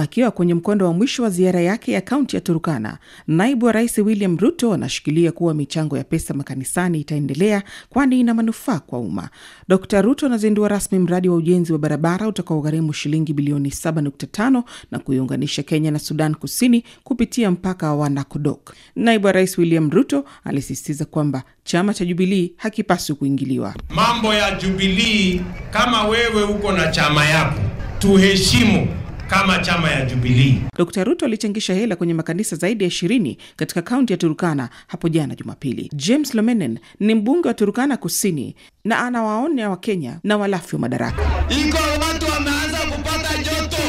Akiwa kwenye mkondo wa mwisho wa ziara yake ya kaunti ya Turukana, naibu wa rais William Ruto anashikilia kuwa michango ya pesa makanisani itaendelea, kwani ina manufaa kwa umma. d Ruto anazindua rasmi mradi wa ujenzi wa barabara utakaogharimu shilingi bilioni 7.5 na kuiunganisha Kenya na Sudan Kusini kupitia mpaka wa Nakodok. Naibu wa rais William Ruto alisisitiza kwamba chama cha Jubilii hakipaswi kuingiliwa mambo ya Jubilii. Kama wewe uko na chama yako, tuheshimu kama chama ya Jubilii. Dkt. Ruto alichangisha hela kwenye makanisa zaidi ya ishirini katika kaunti ya Turukana hapo jana Jumapili. James Lomenen ni mbunge wa Turukana Kusini na anawaonya Wakenya na walafi wa madaraka. Iko watu wameanza kupata joto,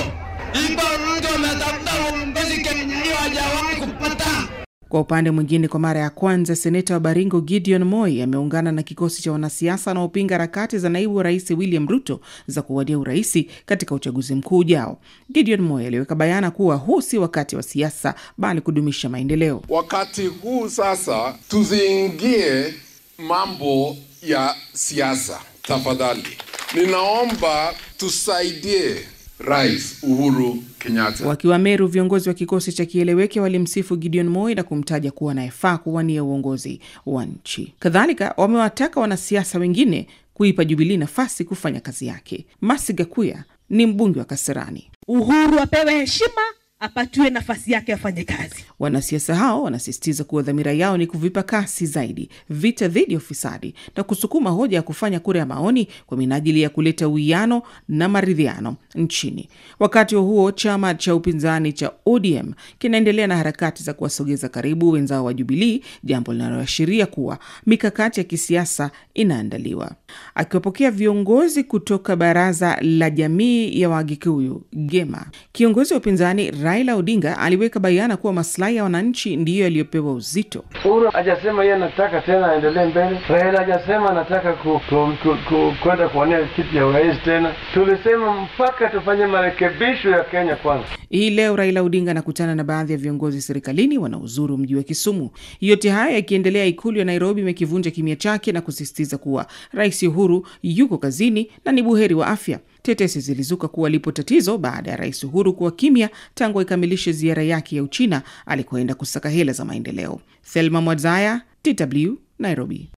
iko mtu ametafuta kwa upande mwingine, kwa mara ya kwanza seneta wa Baringo Gideon Moi ameungana na kikosi cha wanasiasa wanaopinga harakati za naibu wa rais William Ruto za kuwadia uraisi katika uchaguzi mkuu ujao. Gideon Moi aliweka bayana kuwa huu si wakati wa siasa, bali kudumisha maendeleo. Wakati huu sasa tuziingie mambo ya siasa tafadhali. Ninaomba tusaidie Rais Uhuru Kenyatta. Wakiwa Meru, viongozi wa kikosi cha kieleweke walimsifu Gideon Moi na kumtaja kuwa anayefaa kuwania uongozi wa nchi. Kadhalika wamewataka wanasiasa wengine kuipa Jubilii nafasi kufanya kazi yake. gakuya ni mbunge wa Kasarani. Uhuru apewe heshima apatiwe nafasi yake afanye kazi. Wanasiasa hao wanasisitiza kuwa dhamira yao ni kuvipa kasi zaidi vita dhidi ya ufisadi na kusukuma hoja ya kufanya kura ya maoni kwa minajili ya kuleta uwiano na maridhiano nchini. Wakati huo chama cha upinzani cha ODM kinaendelea na harakati za kuwasogeza karibu wenzao wa Jubilii, jambo linaloashiria kuwa mikakati ya kisiasa inaandaliwa. Akiwapokea viongozi kutoka baraza la jamii ya Wagikuyu GEMA, kiongozi wa upinzani Raila Odinga aliweka bayana kuwa maslahi ya wananchi ndiyo yaliyopewa uzito. Uhuru hajasema yeye anataka tena aendelee mbele. Raila hajasema anataka kwenda kuonea kiti ya urais tena. Tulisema mpaka tufanye marekebisho ya Kenya kwanza. Hii leo Raila Odinga anakutana na baadhi ya viongozi serikalini wanaozuru mji wa Kisumu. Yote haya yakiendelea, ikulu ya Nairobi imekivunja kimya chake na kusisitiza kuwa Rais Uhuru yuko kazini na ni buheri wa afya. Tetesi zilizuka kuwa lipo tatizo baada ya Rais Uhuru kuwa kimya tangu aikamilishe ziara yake ya Uchina alikoenda kusaka hela za maendeleo. Thelma Mwadzaya, DW, Nairobi.